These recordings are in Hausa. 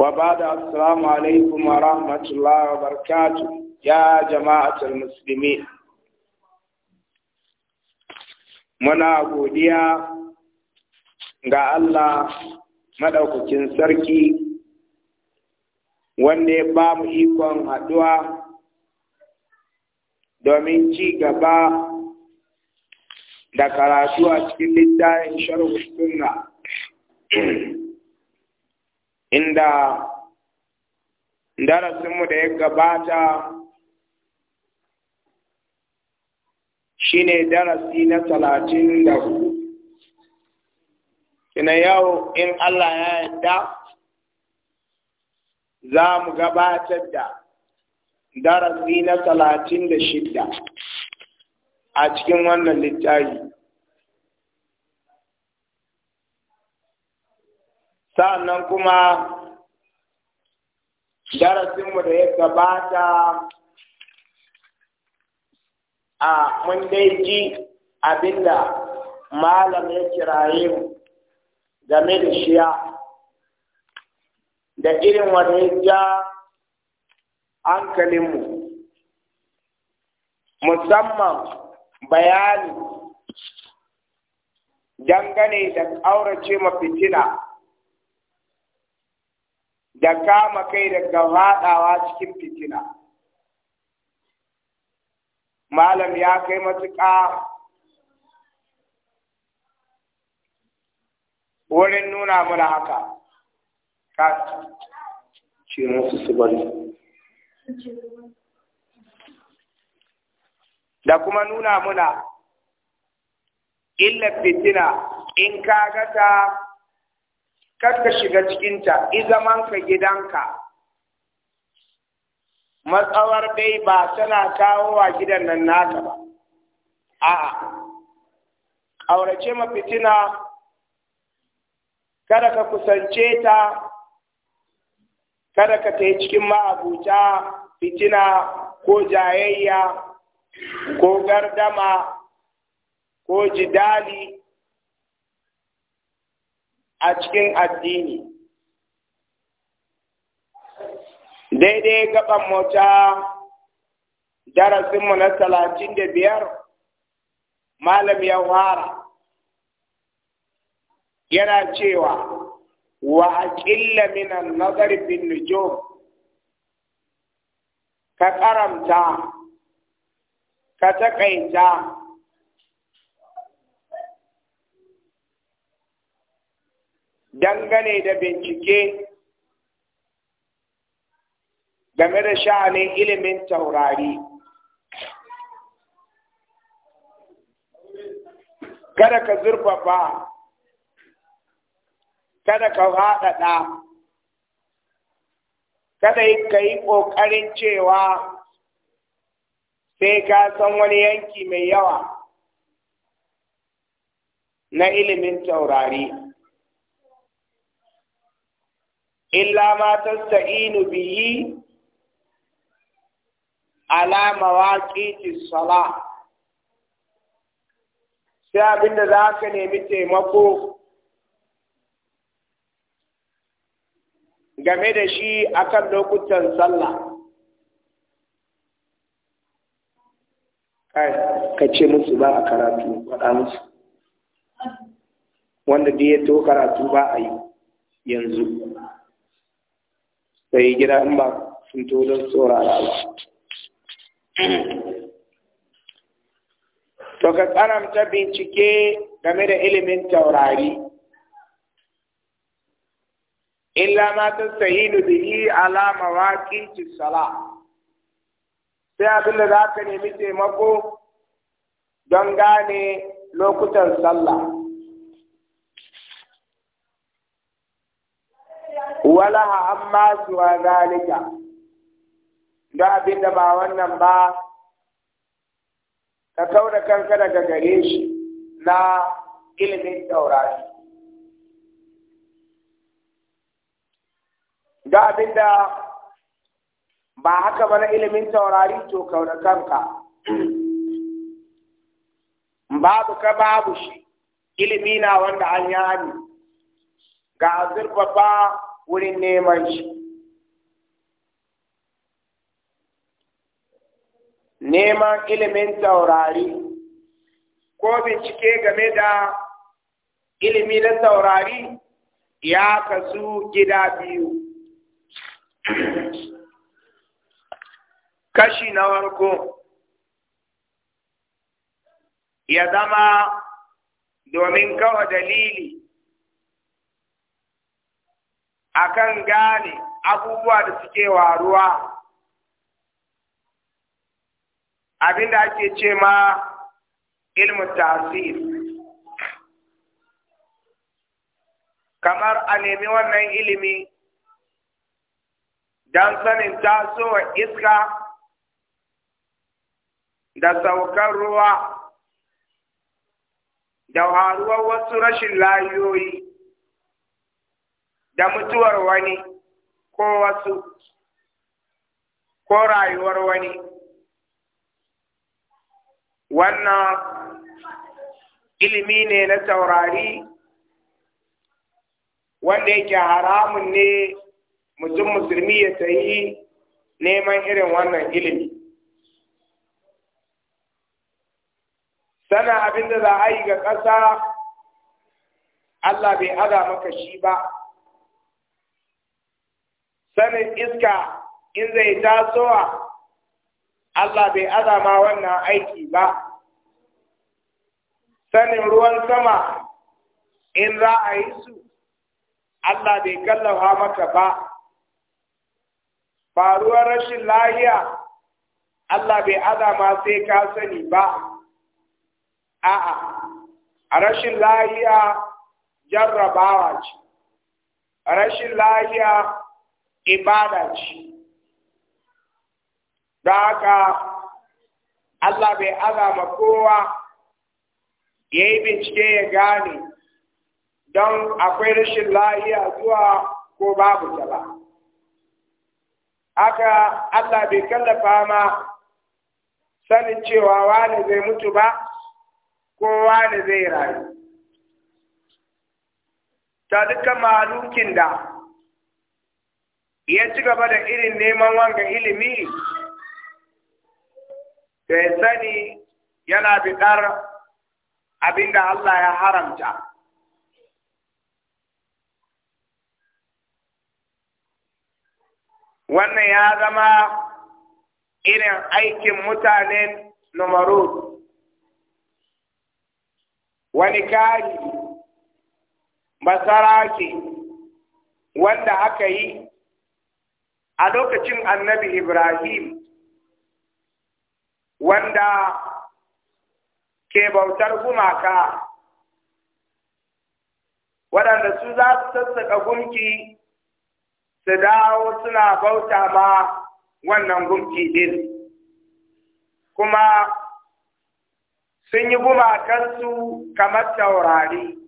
وبعد السلام عليكم wa Barkatu ya يا جماعة Musulmi? muna godiya ga Allah madaukakin sarki wanda ya ba mu ikon haɗuwa domin ci gaba da karatu a cikin littafin sharhu sunna inda darasinmu da ya gabata shine darasi na talatin da hudu ina yau in Allah ya yarda za mu gabatar da darasi na talatin da shidda a cikin wannan littafi sa'annan kuma darasinmu da ya gabata a mun dai ji abinda malam ya kiraye mu game da shiya da irin wanda ya ja hankalinmu musamman bayani dangane da ƙaurace ma fitina da kama kai daga faɗawa cikin fitina malam ya kai matuƙa wurin nuna mana haka ka ce musu su da kuma nuna muna illa fitina in ka gata kar ka shiga cikinta izamanka gidanka matsawar dai ba tana kawo wa gidan nan naka ba a'a aurace ma fitina kada ka kusance ta kada ka ta yi cikin ma'abuta fitina ko jayayya ko gardama ko jidali a cikin addini daidai gaban mota darasinmu na talatin da biyar malam ya fara yana cewa wa a ƙilla minan nazar bin nujum ka ƙaramta ka taƙaita dangane da bincike game da sha'anin ilimin taurari kada ka zurfafa kada ka haɗaɗa kada ka yi ƙoƙarin cewa sai ka san wani yanki mai yawa na ilimin taurari illa ma tasta'inu bihi ala mawaqiti sala sai abinda za ka nemi taimako game da shi akan lokutan sallah ka ce musu ba a karatu faɗa musu wanda da ya to karatu ba a yi yanzu sai gida in ba sun don ba to ka tsananta bincike game da ilimin taurari illa ma ta sahilu bihi ala mawaqiti sala sai abin da za ka nemi taimako don gane lokutan sallah walaha amma suwa zalika da abin da ba wannan ba ka kaura kanka daga gare shi na ilimin taurari da abin da ba haka ba na ilimin taurari to kaura kanka babu ka babu shi ilimi na wanda an yi ga azurfafa wurin neman shi neman ilimin taurari ko bincike game da ilimi na taurari ya kasu gida biyu kashi na warko ya zama domin kawo dalili akan gane abubuwa da suke waruwa abinda ake ce ma ilmu tasir kamar a nemi wannan ilimi don sanin tasowa iska da saukar ruwa da waruwar wasu rashin layoyi da mutuwar wani ko wasu ko rayuwar wani wannan ilimi ne na taurari wanda yake haramun ne mutum musulmi ya sayi neman irin wannan ilimi sana abinda za a yi ga ƙasa Allah bai ada maka shi ba sanin iska in zai tasowa Allah bai azama wannan aiki ba sanin ruwan sama in za a yi su Allah bai kallafa maka ba faruwar rashin lahiya Allah bai azama sai ka sani ba a'a a rashin lahiya jarrabawa ce rashin lahiya ibada ce da haka Allah bai azama kowa ya yi bincike ya gane don akwai rashin lahiya zuwa ko babu ta ba. Aka Allah bai kallafa ma sanin cewa wani zai mutu ba ko wani zai rayu. Ta dukkan malukin da ya ci gaba da irin neman wanga ilimi da ya sani yana bidar abinda Allah ya haramta wannan ya zama irin aikin mutanen numaru wani kari masaraki wanda aka yi a lokacin annabi Ibrahim wanda ke bautar gumaka waɗanda su za su sassaƙa gumki su dawo suna bauta ma wannan gumki din kuma sun yi gumakansu kamar taurari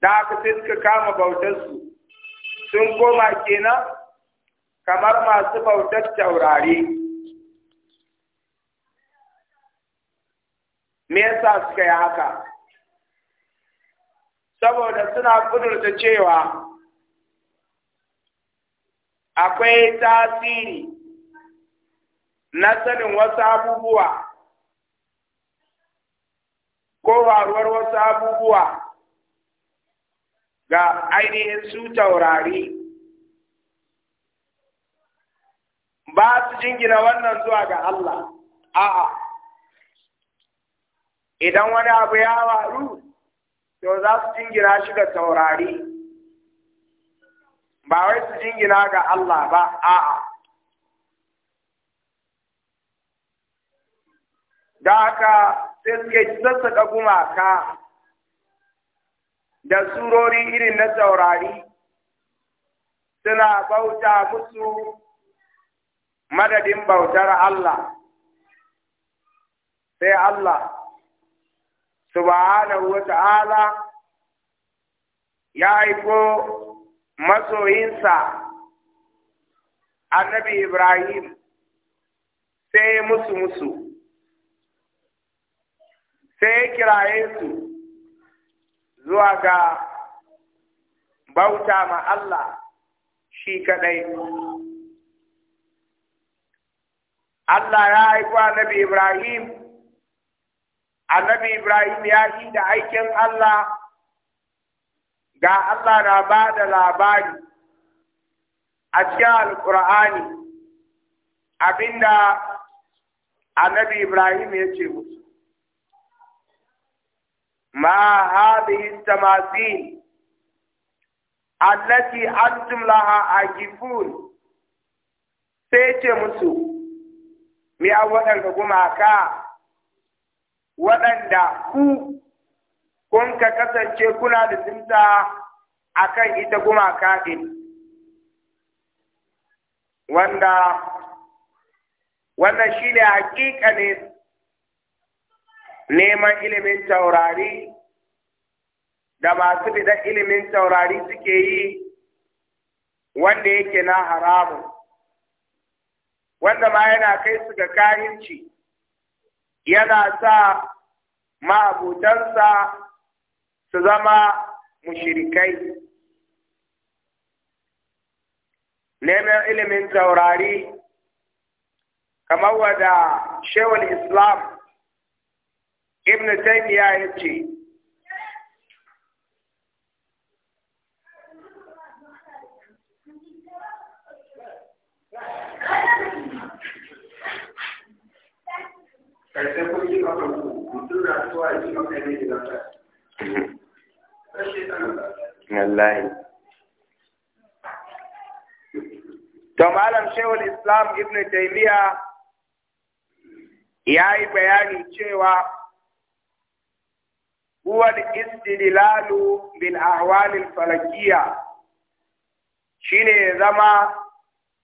da aka sai suka kama bautarsu sun koma kenan kamar masu bautar taurari me yasa suka yi haka saboda suna kudurta cewa akwai tasiri na sanin wasu abubuwa ko faruwar wasu abubuwa ga ainihin su taurari ba su jingina wannan zuwa ga Allah a'a idan wani abu ya waru to za su jingina shi ga taurari ba wai su jingina ga Allah ba a'a da haka sai suke sassaka gumaka da surori irin na saurari suna bauta musu madadin bautar Allah sai Allah subhanahu wa ta'ala ya aiko masoyinsa annabi Ibrahim sai musu musu sai kiraye su zuwa ga bauta ma Allah shi kadai Allah ya haifi annabi Ibrahim annabi Ibrahim ya yi da aikin Allah ga Allah na ba da labari a cikin alkur'ani abinda annabi Ibrahim ya ce musu ما هذه التماثيل التي أنتم لها عاكفون سيتي مسو مي أولا gumaka waɗanda ku kun ka kasance kuna da tsinta a kan ita gumaka ɗin wanda wannan shi ne hakika ne neman ilimin taurari da masu bidan ilimin taurari suke yi wanda yake na haramun wanda ma yana kai su ga kahinci yana sa ma'abutansa su zama mushirikai neman ilimin taurari kamar wada shewar islam ibn taymiya ya ce karshen kuɗi a kan ku mutum na zuwa yi to malam islam bayani cewa هو الاستدلال بالأحوال الفلكية شيني zama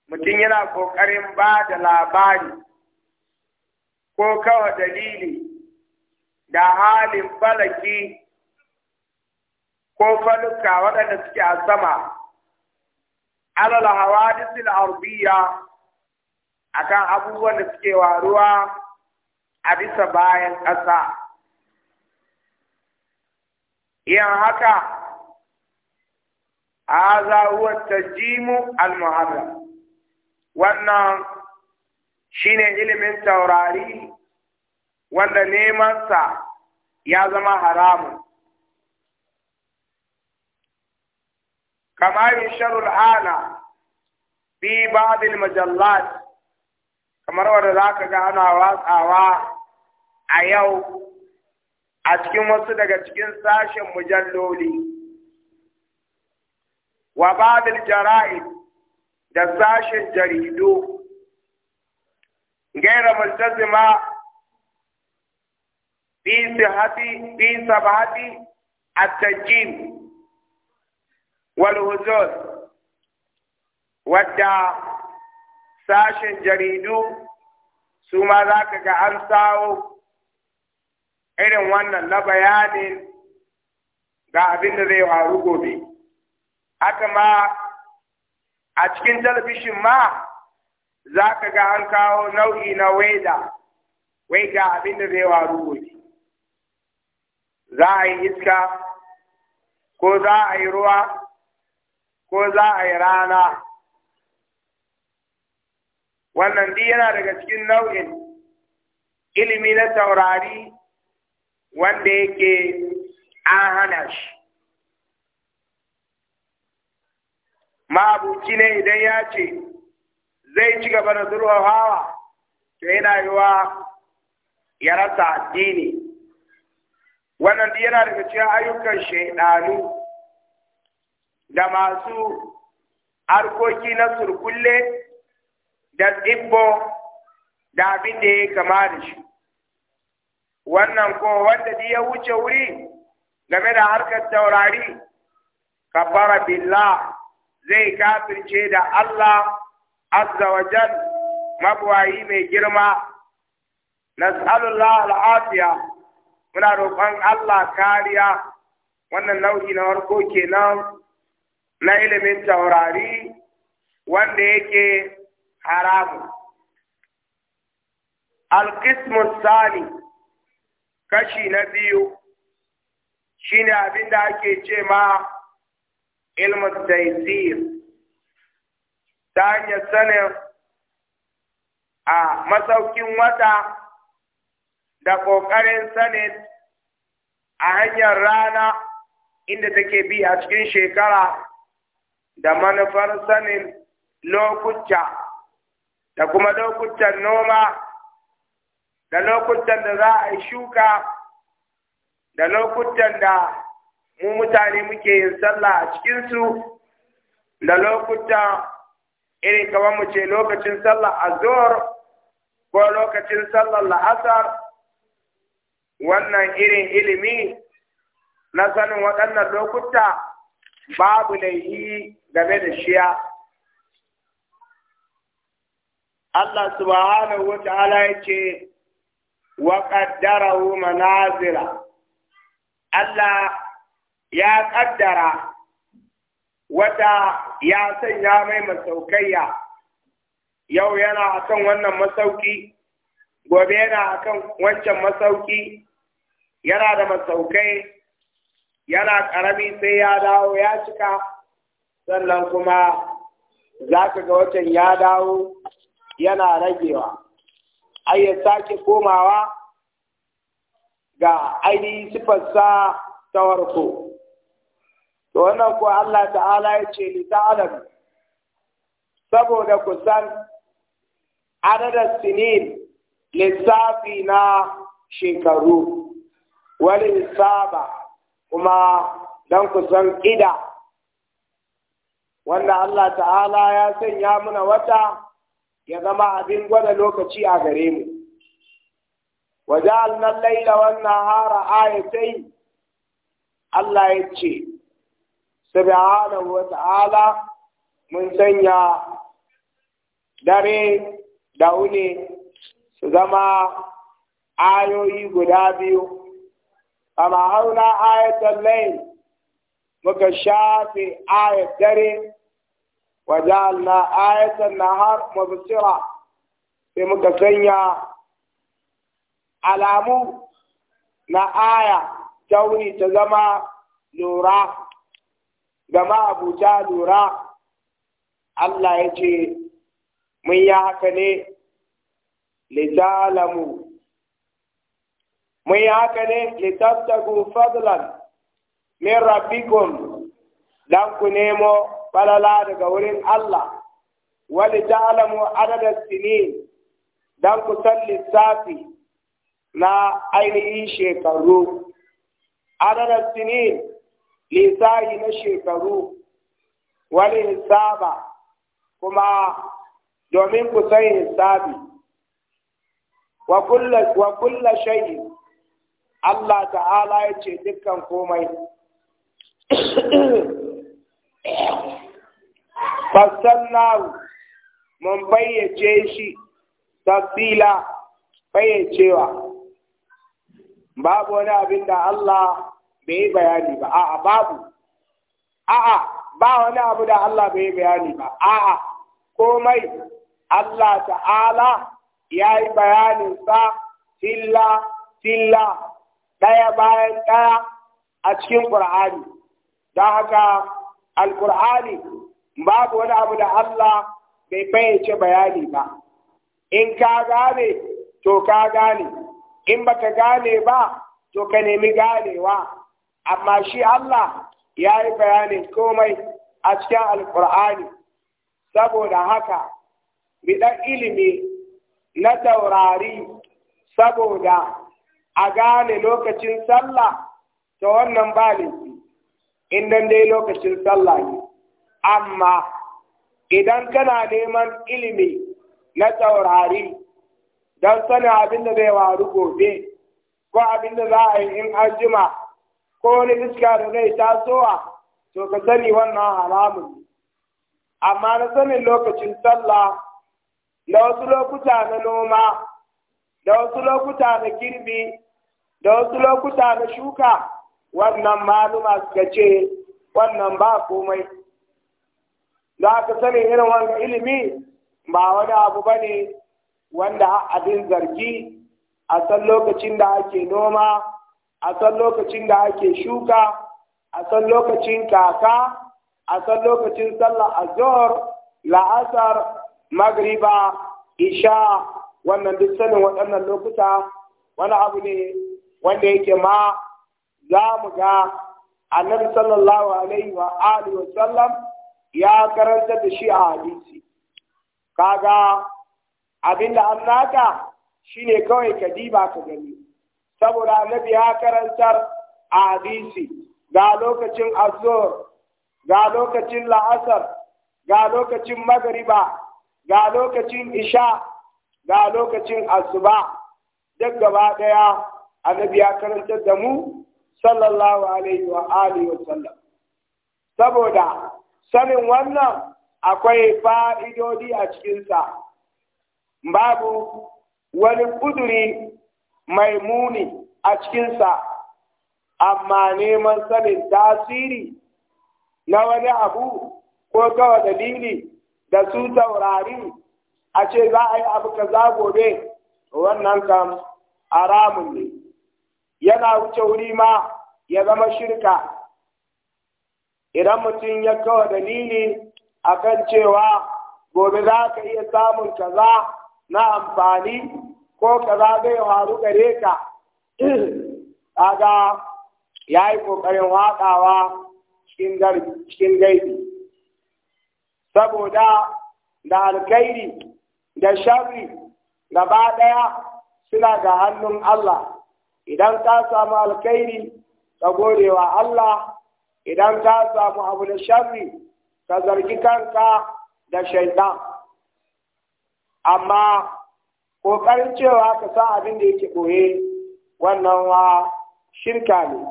mutum yana ƙoƙarin ba da labari ko kawa dalili da halin falaki ko faluka waɗanda suke a sama alal hawadisil arbiya akan abubuwan da suke ruwa a bisa bayan ƙasa yin haka aza huwa tajimu al-muharram wannan shine ilimin taurari wanda neman sa ya zama haramun kama yusharu sharul ana bi al-majallat kamar wanda zaka ga ana watsawa a yau a cikin wasu daga cikin sashen mujalloli wa ba'dil jara'id da sashen jaridu gaira multazima fi sihati fi sabati at-tajim wal huzur wadda sashen jaridu su ma za ga an sawo irin wannan na bayanin ga abin da zai faru gobe haka ma a cikin talabishin ma za ka ga an kawo nau'i na waida wai ga abin da zai faru gobe za a yi iska ko za a yi ruwa ko za a yi rana wannan duk yana daga cikin nau'in ilimi na taurari wanda yake an hana shi ma'abuci ne idan ya ce zai ci gaba da hawa, to yana yiwa ya rasa addini wannan yana daga cikin ayyukan shaidanu da masu harkoki na surkulle da tsibbo da abin da ya kama da shi wannan ko wanda duk ya wuce wuri game da harkar taurari kafara billah zai kafirce da Allah azza wa jal mabwayi mai girma nas'alullah al'afiya muna roƙon Allah kariya wannan nau'i na farko kenan na ilimin taurari wanda yake haramu al-qismu sani kashi na biyu shine abin da ake ce ma ilmin taisir ta hanyar sanin a masaukin wata da ƙoƙarin sanin a hanyar rana inda take bi a cikin shekara da manufar sanin lokuta da kuma lokutan noma da lokutan da za a yi shuka da lokutan da mu mutane muke yin sallah a cikinsu da lokuta irin kamar mu ce lokacin sallah azhar ko lokacin sallar la'asar wannan irin ilimi na sanin waɗannan lokuta babu laihi game da shiya Allah subhanahu wa ta'ala ya ce وقدره منازل الله Allah ya ƙaddara wata ya sanya mai يو yau yana akan wannan masauki gobe yana akan wancan masauki yana da masaukai yana ƙarami sai ya dawo ya cika sannan kuma za ka ga watan ya dawo yana ragewa ai ya sake komawa ga ainihin sifarsa ta warko. To wannan ko Allah ta'ala ya ce ni ta'alam saboda ku san adadar sinin lissafi na shekaru wani saba kuma don ku san ƙida wanda Allah ta'ala ya sanya muna wata ya zama abin gwada lokaci a gare mu wannan hara aya آيتين Allah ya ce, Subhanahu wa ta'ala mun sanya dare da wuni su zama ayoyi guda biyu, amma hauna ayatan lai muka shafe ayat dare وجعلنا آية النهار مبصرة sai muka sanya alamu na aya ta wuni ta zama lura gama abuja lura Allah ya ce mun yi haka ne litalamu mun yi haka ne litabtagu fadlan min rabbikum dan ku nemo falala daga wurin Allah wani ja'alamu adadar sini don kusan lissafi na ainihin shekaru adadar sini lissafi na shekaru wani hisaba kuma domin kusan hisabi wa kulla shayi Allah ta'ala ya ce dukkan komai fassallahu mun bayyace shi tafsila bayyacewa babu wani abin da Allah bai bayani ba a'a babu a'a ba wani abu da Allah bai bayani ba a'a komai Allah ta'ala ya yi bayanin sa filla filla ɗaya bayan ɗaya a cikin Qur'ani don haka Al-Qur'ani babu wani abu da Allah bai bayyace bayani ba in ka gane to ka gane in baka gane ba to ka nemi ganewa amma shi Allah ya yi bayanin komai a cikin alkur'ani saboda haka bidan ilimi na taurari saboda a gane lokacin sallah ta wannan balin, in dai lokacin sallah ne amma idan kana neman ilimi na taurari don sanin abin da zai waru gobe ko abin da za a yi in an jima ko wani iska da zai tasowa to ka sani wannan haramun amma na sanin lokacin sallah da wasu lokuta na noma da wasu lokuta na girbi da wasu lokuta na shuka wannan maluma suka ce wannan ba komai za ka sanin irin wani ilimi ba wani abu ba ne wanda abin zargi a san lokacin da ake noma a san lokacin da ake shuka a san lokacin kaka a san lokacin sallar azor la'asar magriba isha wannan duk sanin waɗannan lokuta wani abu ne wanda yake ma za mu ga annabi sallallahu alaihi wa alihi wa sallam ya karanta da shi a hadisi kaga abin da an naka shine kawai ka diba ka gani saboda annabi ya karantar a hadisi ga lokacin azur ga lokacin la'asar ga lokacin magariba ga lokacin isha ga lokacin asuba duk gaba daya annabi ya karantar da mu sallallahu alaihi wa alihi sanin wannan akwai fa'idodi a cikinsa babu wani ƙuduri mai muni a cikinsa amma neman sanin tasiri na wani abu ko kawa dalili da su taurari a ce za a yi abu kaza gobe wannan kam haramun ne yana wuce wuri ma ya zama shirka idan mutum ya kawo dalili a kan cewa gobe za ka iya samun kaza na amfani ko kaza zai faru gare ka kaga ya yi ƙoƙarin waɗawa cikin gaibi saboda da alkhairi da sharri gaba ɗaya suna ga hannun Allah idan ka samu alkairi ka gode wa Allah idan ka samu abu da sharri ka zargi kanka da shaitan amma ƙoƙarin cewa ka sa abin da yake ɓoye wannan wa shirka ne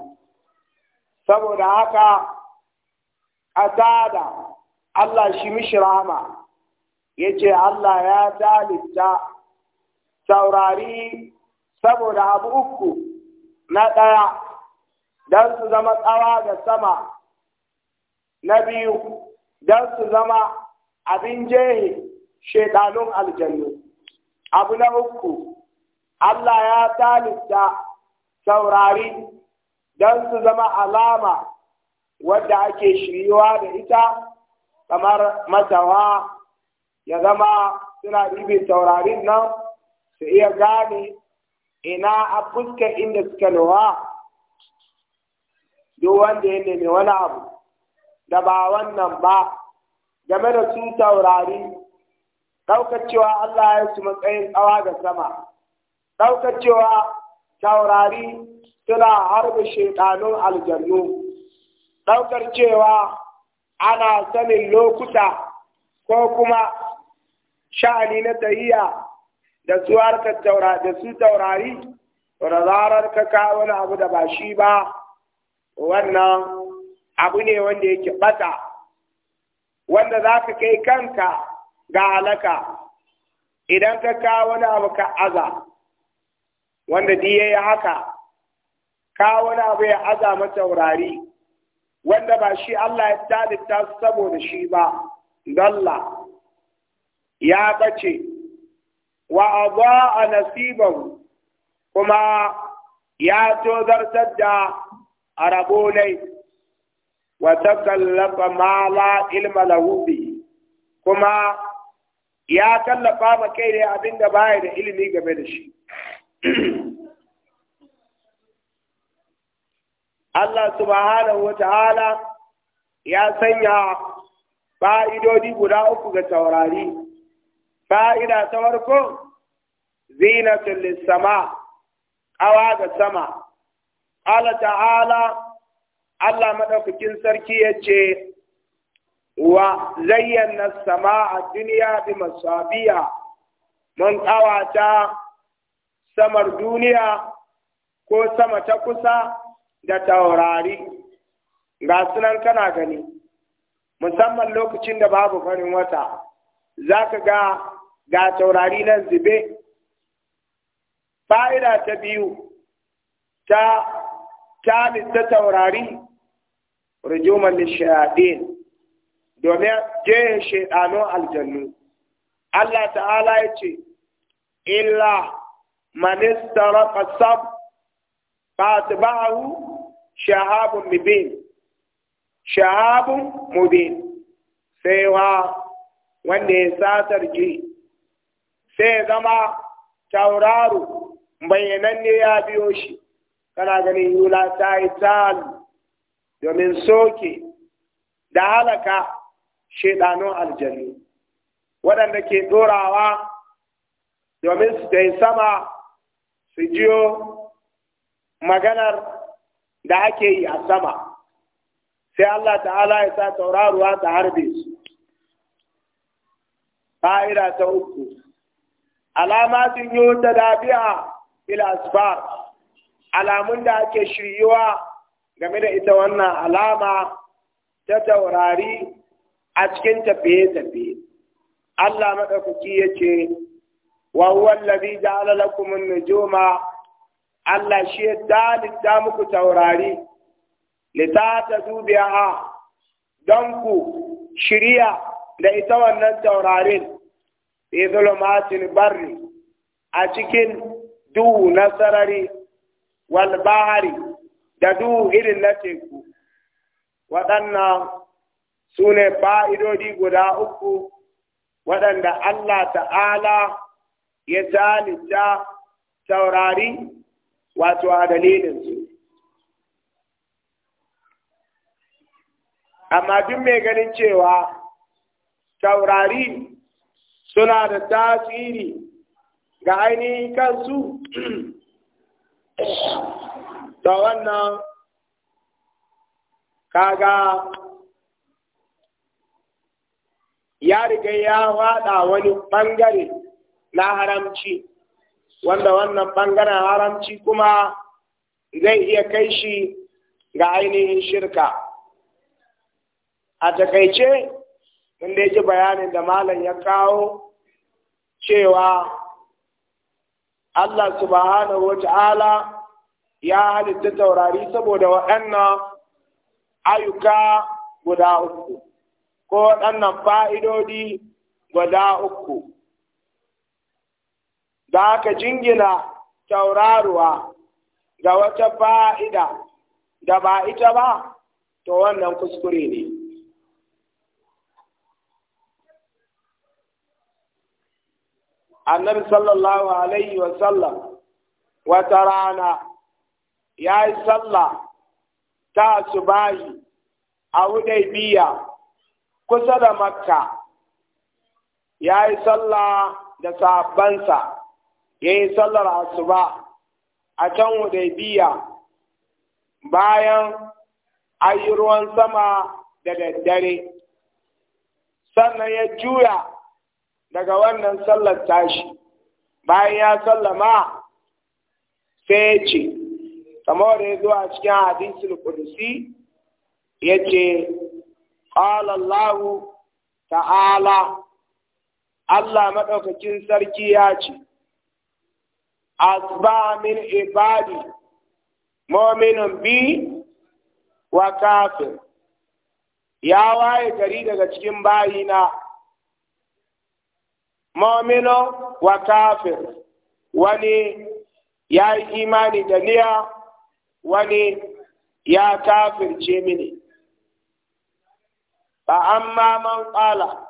saboda haka da Allah shi mishi rama ya ce Allah ya dalita saurari saboda abu uku na ɗaya don su zama tsawa da sama na biyu don su zama abin jehe shaidanun aljannu abu na uku Allah ya talista saurari don su zama alama wadda ake shiriwa da ita kamar matawa ya zama suna ɗibe saurarin nan su iya gane ina a fuska inda suka nuwa duk wanda ya nemi wani abu da ba wannan ba game da su taurari ɗaukar cewa Allah ya su matsayin tsawa ga sama ɗaukar cewa taurari suna harbe shaiɗanun aljannu ɗaukar cewa ana sanin lokuta ko kuma sha'ani na tahiya da su harkar da su taurari da zarar ka kawo wani abu da ba shi ba wannan abu ne wanda yake bata wanda za ka kai kanka ga halaka idan ka kawo wani abu ka aza wanda diye ya haka kawo wani abu ya aza mataurari wanda ba shi Allah ya talita saboda shi ba dalla ya bace wa a nasiban kuma ya tozartar da arabolai wa takallafa ma la ilma lahu kuma ya kallafa ma kai ne abin da baya da ilimi game da shi Allah subhanahu wa ta'ala ya sanya fa'idodi guda uku ga taurari, fa'ida ta farko zinatul sama, ƙawa ga sama, Ala ta'ala, Allah maɗaukakin sarki ya ce, wa zayyana sama a duniya bi masabiya, mun ƙawata samar duniya ko sama ta kusa da taurari, ga sunan kana gani, musamman lokacin da babu farin wata, za ka ga ga taurari nan zube. Fa'ida ta biyu ta sabis ta taurari rujuman lishayatin domin jehin shaidanun aljannu Allah ta'ala ya ce illa manistara kasab fatiba'ahu shahabun mubin shahabun mubin sai wa wanda ya satar ji sai zama tauraro bayyananne ya biyo shi kana ganin yula ta yi tal domin soke da halaka shaidanun aljanu waɗanda ke ɗorawa domin su yi sama su jiyo maganar da ake yi a sama sai Allah ta'ala ya sa tauraruwa ta harbe su fa'ida ta uku alamatin yi ta dabi'a ila asfar alamun da ake shiryuwa game da ita wannan alama ta taurari a cikin tafiye-tafiye. Allah maɗaukaki ya ce, Wahuwan labi da alalakumin Allah shi ya dalita muku taurari, lita ta dubiya a don ku shirya da ita wannan taurarin, fi bari a cikin duhu na sarari. wal bahari da duhu irin na teku waɗannan su ne fa'idodi guda uku waɗanda Allah ta'ala ya talita taurari wato a dalilinsu. Amma duk mai ganin cewa taurari suna da tasiri ga ainihin kansu ta wannan kaga ya riga ya wada wani bangare na haramci wanda wannan bangaren haramci kuma zai iya kai shi ga ainihin shirka a takaice inda ya ji bayanin da malam ya kawo cewa Allah subhanahu wata'ala ya halitta taurari saboda waɗannan ayyuka guda uku ko waɗannan fa'idodi guda uku da aka jingina tauraruwa ga wata fa'ida da ba ita ba to wannan kuskure ne. annabi sallallahu alaihi wa sallam wata rana ya yi sallah ta subahi a hudaybiya kusa da makka ya yi sallah da sabansa ya yi sallar asuba a can hudaybiya bayan ayi ruwan sama da daddare sannan ya juya daga wannan sallar tashi bayan ya sallama sai ya ce kamar ya zo a cikin hadisul kudusi ya ce Allah ta'ala Allah maɗaukakin sarki ya ce asba min ibadi mu'minun bi wa kafin. ya waye gari daga cikin bayina Momino wa kafir wani ya yi imani da niyya wani ya kafirce mini fa man qala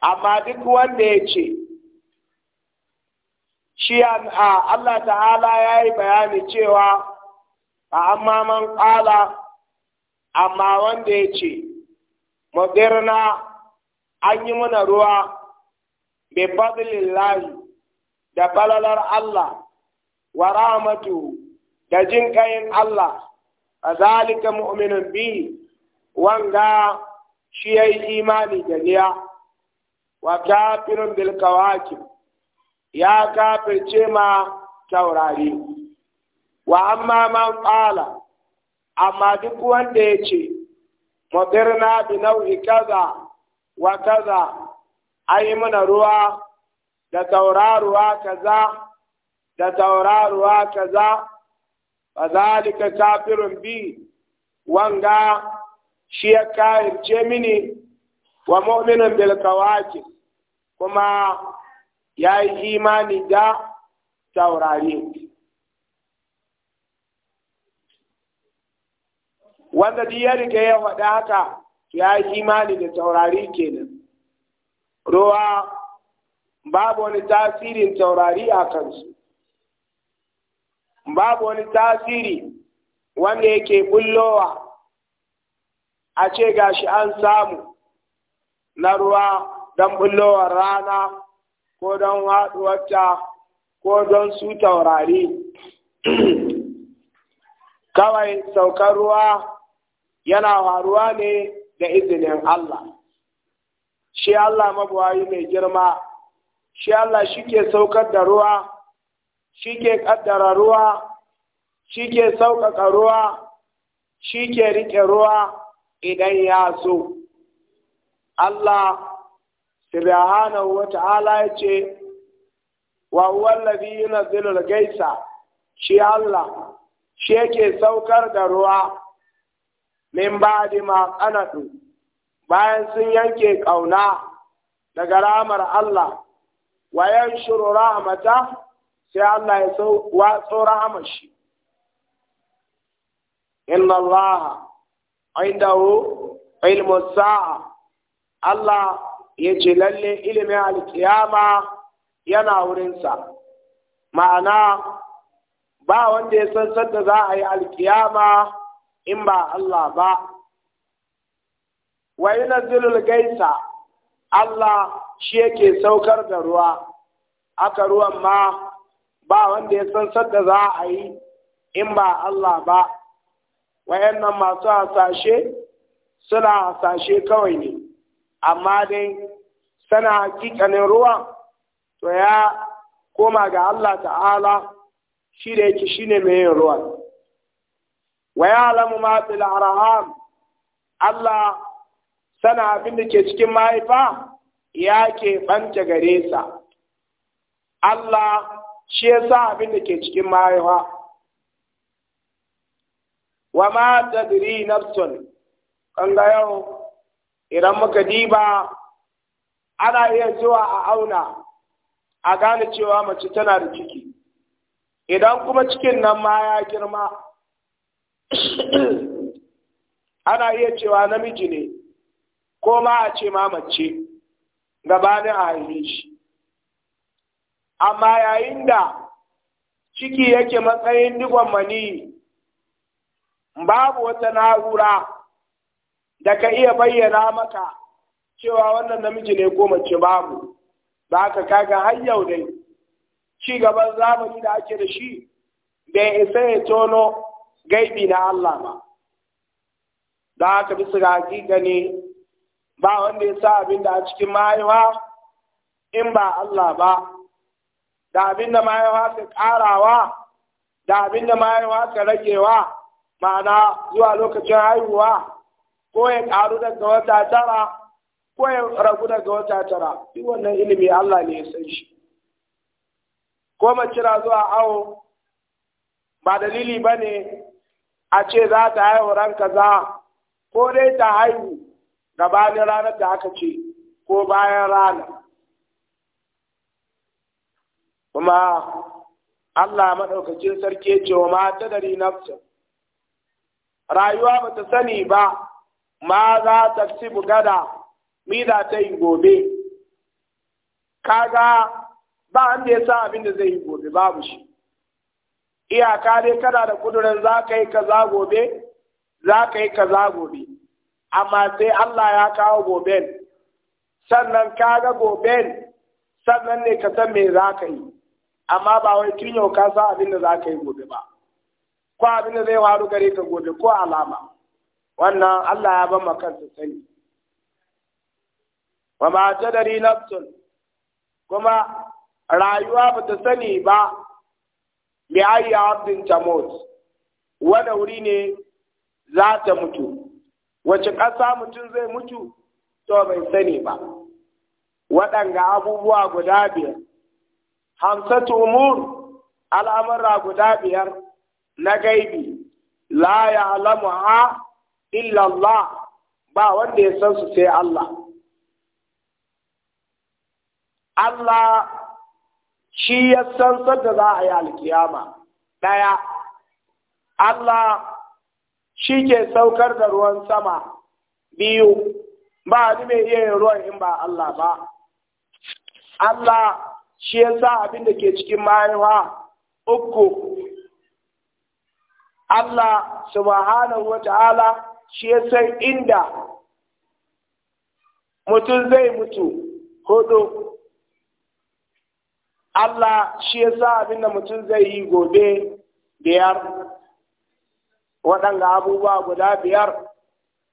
amma duk wanda ya ce shi Allah ta'ala ya yi cewa fa amma man ƙala amma wanda ya ce mazirna an yi mana ruwa bi fadlillahi da falalar Allah wa rahmatu da jin kayan Allah azalika mu'minun bi wanga shi yayi imani da niya wa kafirun bil ya kafirce ma taurari wa amma man qala amma duk wanda ya ce mutirna bi nau'i kaza wa kaza ai mana ruwa da tauraruwa kaza da tauraruwa kaza fa zalika kafirun bi wanga shi ya kayarce mini wa mu'minun bil kawakib kuma ya yi imani da taurari wanda duk ya riga ya faɗa haka ya yi imani da taurari kenan ruwa babu wani tasirin taurari a kansu babu wani tasiri wanda yake bullowa a ce gashi an samu na ruwa don bullowar rana ko don haɗuwarta ko don su taurari kawai saukar ruwa yana faruwa ne da izinin Allah shi Allah mabuwayi mai girma shi Allah shi ke saukar da ruwa shi ke ƙaddara ruwa shi ke sauƙaƙa ruwa shi ke riƙe ruwa idan ya so Allah subhanahu wa ta'ala ya ce wa yi na zilul gaisa shi Allah shi yake saukar da ruwa min ba'di ma qanatu bayan sun yanke ƙauna daga ramar Allah wa yanshuru rahmata sai Allah ya so watso shi inna Allah o ilmu sa'a Allah ya ce lalle ilimin alkiyama yana wurinsa ma'ana ba wanda ya san sanda za a yi alkiyama in ba Allah ba wa yunazzilul gaisa Allah shi yake saukar da ruwa aka ruwan ma ba wanda ya san sadda za a yi in ba Allah ba wayannan masu hasashe suna hasashe kawai ne amma dai sana hakikanin ruwan to ya koma ga Allah ta'ala shi da yake ne mai yin ruwan wa alamu ma fil arham Allah sana abin da ke cikin mahaifa yake ke banta gare sa Allah shi ya sa abin da ke cikin mahaifa wa ma tadri nafsun ga yau idan muka diba ana iya zuwa a auna a gane cewa mace tana da ciki idan kuma cikin nan ma ya girma ana iya cewa namiji ne ko ma a ce ma mace gabanin a haife shi amma yayin da ciki yake matsayin digon mani babu wata na'ura da ka iya bayyana maka cewa wannan namiji ne ko mace babu ba ka kaga har yau dai ci gaban zamani da ake da shi bai isa ya tono gaibi na Allah ba da ka bisa ga hakika ne ba wanda ya sa abin da a cikin mahaifa in ba Allah ba da abin da mahaifa ka karawa da abin da mahaifa ka ragewa ma'ana zuwa lokacin haihuwa ko ya karu daga wata tara ko ya ragu daga wata tara duk wannan ilimi Allah ne ya san shi ko mace zuwa awo ba dalili ba ne a ce za ta haihu ran kaza ko dai ta haihu gabanin ranar da aka ce ko bayan ranar kuma Allah maɗaukacin sarki ce wa mata dari nafsa rayuwa ba ta sani ba ma za ta ci bugada mida ta yi gobe kaga ba an da ya sa abin da zai yi gobe babu shi iyaka dai kana da kudurin za ka yi kaza gobe za ka yi kaza gobe amma sai Allah ya kawo goben sannan ka ga goben sannan ne ka san me za ka yi amma ba wai tun yau ka sa abin da za ka yi gobe ba ko abin da zai faru gare ka gobe ko alama wannan Allah ya ba ma kansa sani wa ma tadari nafsun kuma rayuwa ba ta sani ba bi ayi abdin tamut wani wuri ne za ta mutu wace ƙasa mutum zai mutu to bai sani ba waɗanga abubuwa guda biyar hamsatu umur al'amura guda biyar na gaibi la ya'lamu ha illa Allah ba wanda ya san su sai Allah Allah shi ya san da za a yi alkiyama ɗaya Allah shi ke saukar da ruwan sama biyu ba ni mai iya yin ruwan in ba Allah ba Allah shi ya sa abin da ke cikin mayuwa uku Allah subhanahu wa ta'ala shi ya san inda mutum zai mutu hudu Allah shi ya sa abin mutum zai yi gobe biyar waɗanda abubuwa guda biyar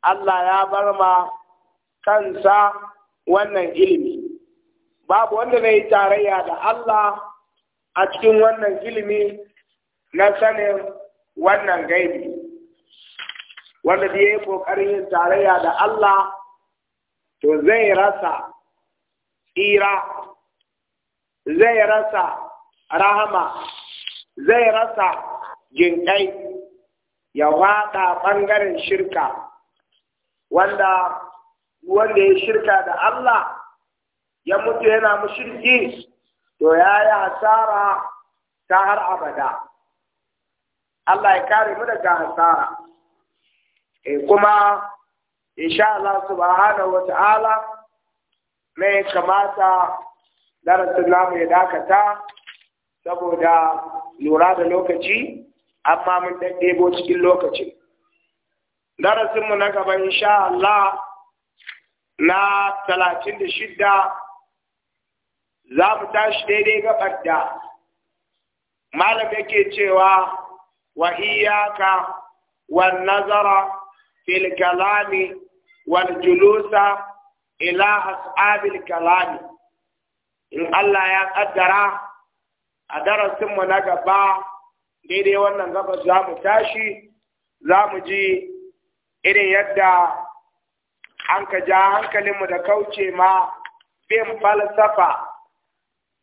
Allah ya bar ma kansa wannan ilimi babu wanda na yi tarayya da Allah a cikin wannan ilimi na sanin wannan gaibi wanda da ya yi ƙoƙarin yin tarayya da Allah to zai rasa tsira zai rasa rahama zai rasa jinkai ya wada ɓangaren shirka wanda wanda ya shirka da Allah ya mutu yana mushirki to ya yi hasara ta har abada Allah ya kare mu daga hasara e kuma insha Allah subhanahu wa ta'ala mai kamata darasin namu ya dakata saboda lura da lokaci amma mun ɗaɗɗebo cikin lokacin darasinmu na gaba insha Allah na talatin da shidda za mu tashi daidai gabar da malam yake cewa wahiyaka iyaka wan nazara fil kalami wal julusa ila ashabil kalami in Allah ya kaddara a darasinmu na gaba daidai wannan gaba za mu tashi za mu ji irin yadda an ka ja hankalinmu da kauce ma bin falsafa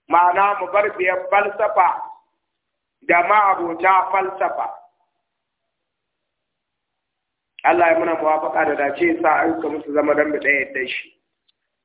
ma'ana mu bar biyan falsafa da ma'abota falsafa Allah ya muna muwafaka da dace sa ayyuka musu zama don mu ɗaya da shi